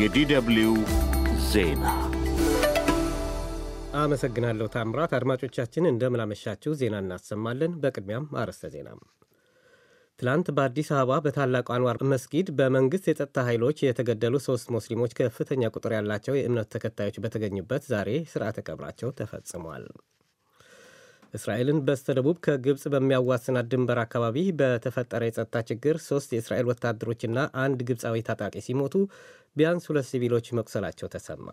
የዲደብሊው ዜና አመሰግናለሁ ታምራት። አድማጮቻችን እንደምናመሻችሁ ዜና እናሰማለን። በቅድሚያም አርዕስተ ዜና። ትላንት በአዲስ አበባ በታላቁ አንዋር መስጊድ በመንግሥት የጸጥታ ኃይሎች የተገደሉ ሦስት ሙስሊሞች ከፍተኛ ቁጥር ያላቸው የእምነት ተከታዮች በተገኙበት ዛሬ ሥርዓተ ቀብራቸው ተፈጽሟል። እስራኤልን በስተደቡብ ከግብፅ በሚያዋስናት ድንበር አካባቢ በተፈጠረ የጸጥታ ችግር ሶስት የእስራኤል ወታደሮችና አንድ ግብፃዊ ታጣቂ ሲሞቱ ቢያንስ ሁለት ሲቪሎች መቁሰላቸው ተሰማ።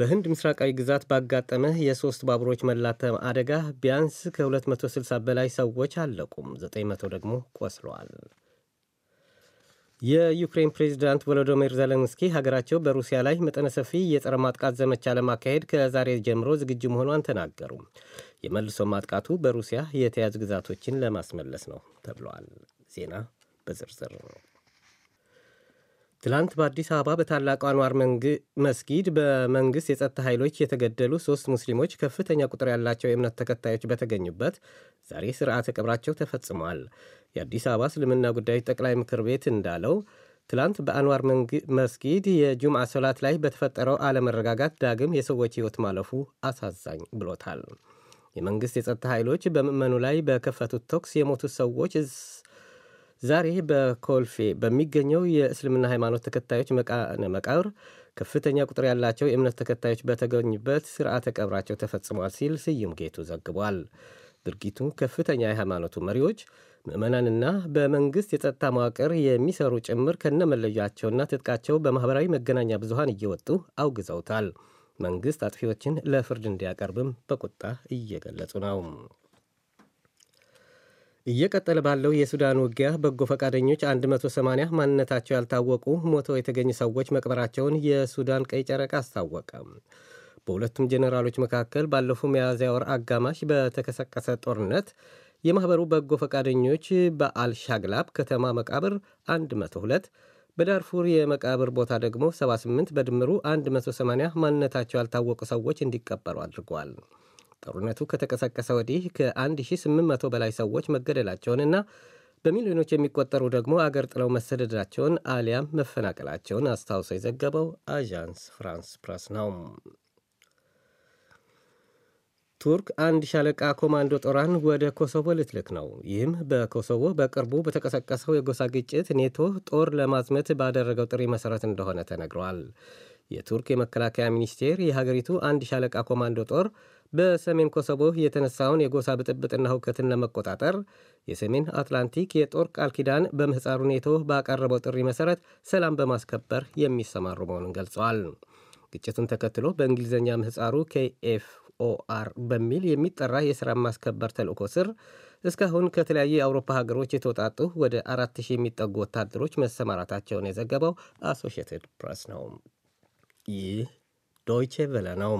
በህንድ ምስራቃዊ ግዛት ባጋጠመ የሶስት ባቡሮች መላተም አደጋ ቢያንስ ከ260 በላይ ሰዎች አለቁም፣ 900 ደግሞ ቆስለዋል። የዩክሬን ፕሬዚዳንት ቮሎዶሚር ዘለንስኪ ሀገራቸው በሩሲያ ላይ መጠነ ሰፊ የጸረ ማጥቃት ዘመቻ ለማካሄድ ከዛሬ ጀምሮ ዝግጁ መሆኗን ተናገሩ። የመልሶ ማጥቃቱ በሩሲያ የተያዙ ግዛቶችን ለማስመለስ ነው ተብለዋል። ዜና በዝርዝር ትላንት በአዲስ አበባ በታላቁ አንዋር መስጊድ በመንግስት የጸጥታ ኃይሎች የተገደሉ ሶስት ሙስሊሞች ከፍተኛ ቁጥር ያላቸው የእምነት ተከታዮች በተገኙበት ዛሬ ስርዓተ ቅብራቸው ተፈጽሟል። የአዲስ አበባ እስልምና ጉዳዮች ጠቅላይ ምክር ቤት እንዳለው ትላንት በአንዋር መስጊድ የጁምዓ ሶላት ላይ በተፈጠረው አለመረጋጋት ዳግም የሰዎች ሕይወት ማለፉ አሳዛኝ ብሎታል። የመንግሥት የጸጥታ ኃይሎች በምዕመኑ ላይ በከፈቱት ተኩስ የሞቱት ሰዎች ዛሬ በኮልፌ በሚገኘው የእስልምና ሃይማኖት ተከታዮች መቃብር ከፍተኛ ቁጥር ያላቸው የእምነት ተከታዮች በተገኙበት ስርዓተ ቀብራቸው ተፈጽሟል ሲል ስዩም ጌቱ ዘግቧል። ድርጊቱ ከፍተኛ የሃይማኖቱ መሪዎች ምዕመናንና በመንግሥት የጸጥታ መዋቅር የሚሰሩ ጭምር ከነመለያቸውና ትጥቃቸው በማኅበራዊ መገናኛ ብዙሃን እየወጡ አውግዘውታል። መንግሥት አጥፊዎችን ለፍርድ እንዲያቀርብም በቁጣ እየገለጹ ነው። እየቀጠለ ባለው የሱዳን ውጊያ በጎ ፈቃደኞች 180 ማንነታቸው ያልታወቁ ሞተው የተገኙ ሰዎች መቅበራቸውን የሱዳን ቀይ ጨረቃ አስታወቀ። በሁለቱም ጄኔራሎች መካከል ባለፈው ሚያዝያ ወር አጋማሽ በተቀሰቀሰ ጦርነት የማኅበሩ በጎ ፈቃደኞች በአልሻግላብ ከተማ መቃብር 102 በዳርፉር የመቃብር ቦታ ደግሞ 78 በድምሩ 180 ማንነታቸው ያልታወቁ ሰዎች እንዲቀበሩ አድርጓል። ጦርነቱ ከተቀሰቀሰ ወዲህ ከ1800 በላይ ሰዎች መገደላቸውንና በሚሊዮኖች የሚቆጠሩ ደግሞ አገር ጥለው መሰደዳቸውን አሊያም መፈናቀላቸውን አስታውሶ የዘገበው አዣንስ ፍራንስ ፕረስ ነው። ቱርክ አንድ ሻለቃ ኮማንዶ ጦሯን ወደ ኮሶቮ ልትልክ ነው። ይህም በኮሶቮ በቅርቡ በተቀሰቀሰው የጎሳ ግጭት ኔቶ ጦር ለማዝመት ባደረገው ጥሪ መሠረት እንደሆነ ተነግረዋል። የቱርክ የመከላከያ ሚኒስቴር የሀገሪቱ አንድ ሻለቃ ኮማንዶ ጦር በሰሜን ኮሶቮ የተነሳውን የጎሳ ብጥብጥና ሁከትን ለመቆጣጠር የሰሜን አትላንቲክ የጦር ቃል ኪዳን በምህፃሩ ኔቶ ባቀረበው ጥሪ መሠረት ሰላም በማስከበር የሚሰማሩ መሆኑን ገልጸዋል። ግጭቱን ተከትሎ በእንግሊዝኛ ምህፃሩ ኬኤፍ ኦአር በሚል የሚጠራ የሥራ ማስከበር ተልእኮ ስር እስካሁን ከተለያዩ የአውሮፓ ሀገሮች የተውጣጡ ወደ አራት ሺህ የሚጠጉ ወታደሮች መሰማራታቸውን የዘገበው አሶሽትድ ፕሬስ ነው። ይህ ዶይቼ ቬለ ነው።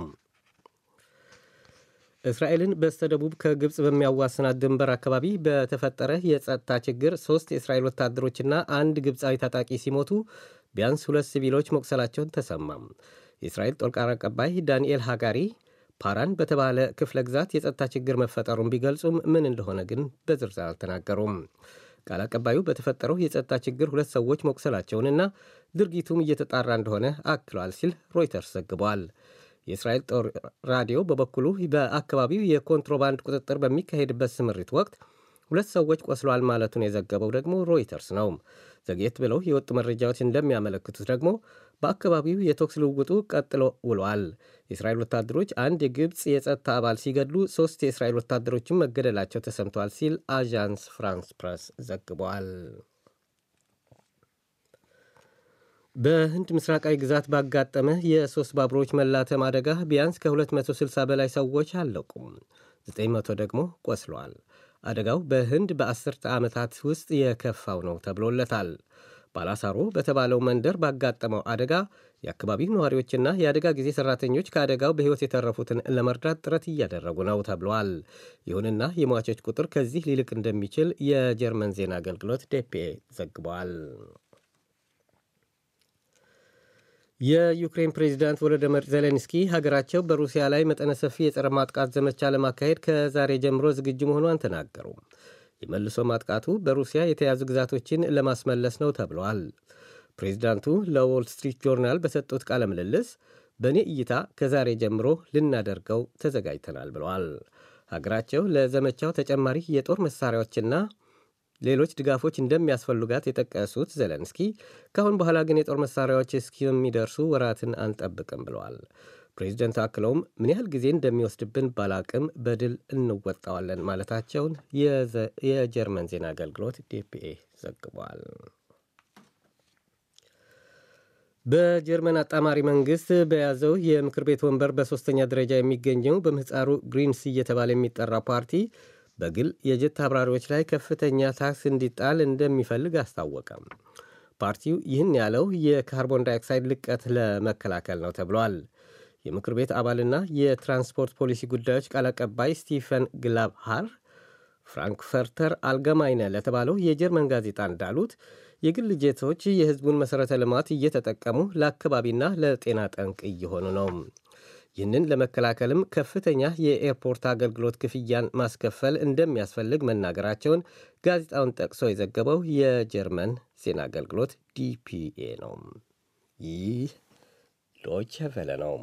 እስራኤልን በስተደቡብ ከግብፅ በሚያዋስናት ድንበር አካባቢ በተፈጠረ የጸጥታ ችግር ሶስት የእስራኤል ወታደሮችና አንድ ግብፃዊ ታጣቂ ሲሞቱ ቢያንስ ሁለት ሲቪሎች መቁሰላቸውን ተሰማም። የእስራኤል ጦር አቀባይ ዳንኤል ሃጋሪ ፓራን በተባለ ክፍለ ግዛት የጸጥታ ችግር መፈጠሩን ቢገልጹም ምን እንደሆነ ግን በዝርዝር አልተናገሩም። ቃል አቀባዩ በተፈጠረው የጸጥታ ችግር ሁለት ሰዎች መቁሰላቸውንና ድርጊቱም እየተጣራ እንደሆነ አክሏል ሲል ሮይተርስ ዘግቧል። የእስራኤል ጦር ራዲዮ በበኩሉ በአካባቢው የኮንትሮባንድ ቁጥጥር በሚካሄድበት ስምሪት ወቅት ሁለት ሰዎች ቆስለዋል ማለቱን የዘገበው ደግሞ ሮይተርስ ነው። ዘግየት ብለው የወጡ መረጃዎች እንደሚያመለክቱት ደግሞ በአካባቢው የተኩስ ልውውጡ ቀጥሎ ውሏል። የእስራኤል ወታደሮች አንድ የግብፅ የጸጥታ አባል ሲገድሉ ሶስት የእስራኤል ወታደሮችን መገደላቸው ተሰምተዋል ሲል አዣንስ ፍራንስ ፕረስ ዘግቧል። በህንድ ምስራቃዊ ግዛት ባጋጠመ የሶስት ባቡሮች መላተም አደጋ ቢያንስ ከ260 በላይ ሰዎች አለቁም፣ 900 ደግሞ ቆስሏል። አደጋው በህንድ በአስርተ ዓመታት ውስጥ የከፋው ነው ተብሎለታል። ባላሳሮ በተባለው መንደር ባጋጠመው አደጋ የአካባቢው ነዋሪዎችና የአደጋ ጊዜ ሰራተኞች ከአደጋው በሕይወት የተረፉትን ለመርዳት ጥረት እያደረጉ ነው ተብሏል። ይሁንና የሟቾች ቁጥር ከዚህ ሊልቅ እንደሚችል የጀርመን ዜና አገልግሎት ዴፒኤ ዘግቧል። የዩክሬን ፕሬዚዳንት ቮሎዲሚር ዜሌንስኪ ሀገራቸው በሩሲያ ላይ መጠነ ሰፊ የጸረ ማጥቃት ዘመቻ ለማካሄድ ከዛሬ ጀምሮ ዝግጁ መሆኗን ተናገሩ። የመልሶ ማጥቃቱ በሩሲያ የተያዙ ግዛቶችን ለማስመለስ ነው ተብለዋል። ፕሬዚዳንቱ ለዎል ስትሪት ጆርናል በሰጡት ቃለ ምልልስ በእኔ እይታ ከዛሬ ጀምሮ ልናደርገው ተዘጋጅተናል ብለዋል። ሀገራቸው ለዘመቻው ተጨማሪ የጦር መሳሪያዎችና ሌሎች ድጋፎች እንደሚያስፈልጋት የጠቀሱት ዘለንስኪ ካሁን በኋላ ግን የጦር መሳሪያዎች እስኪሚደርሱ ወራትን አንጠብቅም ብለዋል። ፕሬዚደንት አክለውም ምን ያህል ጊዜ እንደሚወስድብን ባላቅም በድል እንወጣዋለን ማለታቸውን የጀርመን ዜና አገልግሎት ዲፒኤ ዘግቧል። በጀርመን አጣማሪ መንግስት በያዘው የምክር ቤት ወንበር በሶስተኛ ደረጃ የሚገኘው በምህፃሩ ግሪንስ እየተባለ የሚጠራ ፓርቲ በግል የጀት አብራሪዎች ላይ ከፍተኛ ታክስ እንዲጣል እንደሚፈልግ አስታወቀ። ፓርቲው ይህን ያለው የካርቦን ዳይኦክሳይድ ልቀት ለመከላከል ነው ተብሏል። የምክር ቤት አባልና የትራንስፖርት ፖሊሲ ጉዳዮች ቃል አቀባይ ስቲፈን ግላብሃር ፍራንክፈርተር አልገማይነ ለተባለው የጀርመን ጋዜጣ እንዳሉት የግል ጄቶች የሕዝቡን መሠረተ ልማት እየተጠቀሙ ለአካባቢና ለጤና ጠንቅ እየሆኑ ነው። ይህንን ለመከላከልም ከፍተኛ የኤርፖርት አገልግሎት ክፍያን ማስከፈል እንደሚያስፈልግ መናገራቸውን ጋዜጣውን ጠቅሶ የዘገበው የጀርመን ዜና አገልግሎት ዲፒኤ ነው። ይህ ዶይቸ ቬለ ነው።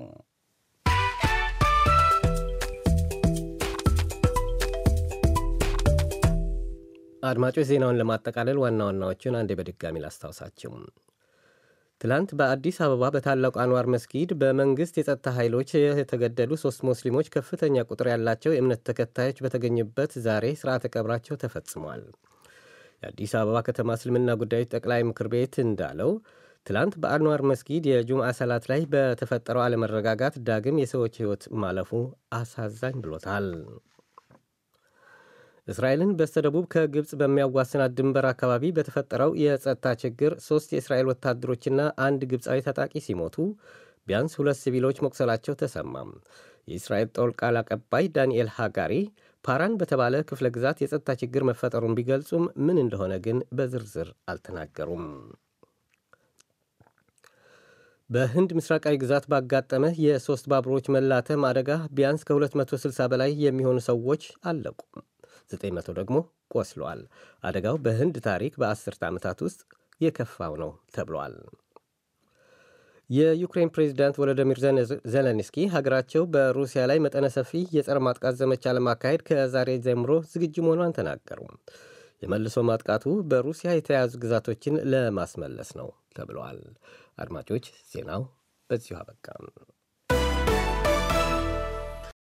አድማጮች ዜናውን ለማጠቃለል ዋና ዋናዎቹን አንዴ በድጋሚ ላስታውሳችሁ። ትላንት በአዲስ አበባ በታላቁ አንዋር መስጊድ በመንግስት የጸጥታ ኃይሎች የተገደሉ ሶስት ሙስሊሞች ከፍተኛ ቁጥር ያላቸው የእምነት ተከታዮች በተገኙበት ዛሬ ስርዓተ ቀብራቸው ተፈጽሟል። የአዲስ አበባ ከተማ እስልምና ጉዳዮች ጠቅላይ ምክር ቤት እንዳለው ትላንት በአንዋር መስጊድ የጁምዓ ሰላት ላይ በተፈጠረው አለመረጋጋት ዳግም የሰዎች ሕይወት ማለፉ አሳዛኝ ብሎታል። እስራኤልን በስተደቡብ ከግብፅ በሚያዋስናት ድንበር አካባቢ በተፈጠረው የጸጥታ ችግር ሦስት የእስራኤል ወታደሮችና አንድ ግብፃዊ ታጣቂ ሲሞቱ ቢያንስ ሁለት ሲቪሎች መቁሰላቸው ተሰማም። የእስራኤል ጦር ቃል አቀባይ ዳንኤል ሃጋሪ ፓራን በተባለ ክፍለ ግዛት የጸጥታ ችግር መፈጠሩን ቢገልጹም ምን እንደሆነ ግን በዝርዝር አልተናገሩም። በህንድ ምስራቃዊ ግዛት ባጋጠመ የሶስት ባቡሮች መላተም አደጋ ቢያንስ ከ260 በላይ የሚሆኑ ሰዎች አለቁ። 900 ደግሞ ቆስለዋል። አደጋው በህንድ ታሪክ በአስርተ ዓመታት ውስጥ የከፋው ነው ተብሏል። የዩክሬን ፕሬዚዳንት ቮሎዲሚር ዜሌንስኪ ሀገራቸው በሩሲያ ላይ መጠነ ሰፊ የጸረ ማጥቃት ዘመቻ ለማካሄድ ከዛሬ ጀምሮ ዝግጁ መሆኗን ተናገሩ። የመልሶ ማጥቃቱ በሩሲያ የተያዙ ግዛቶችን ለማስመለስ ነው ተብለዋል። አድማጮች ዜናው በዚሁ አበቃም።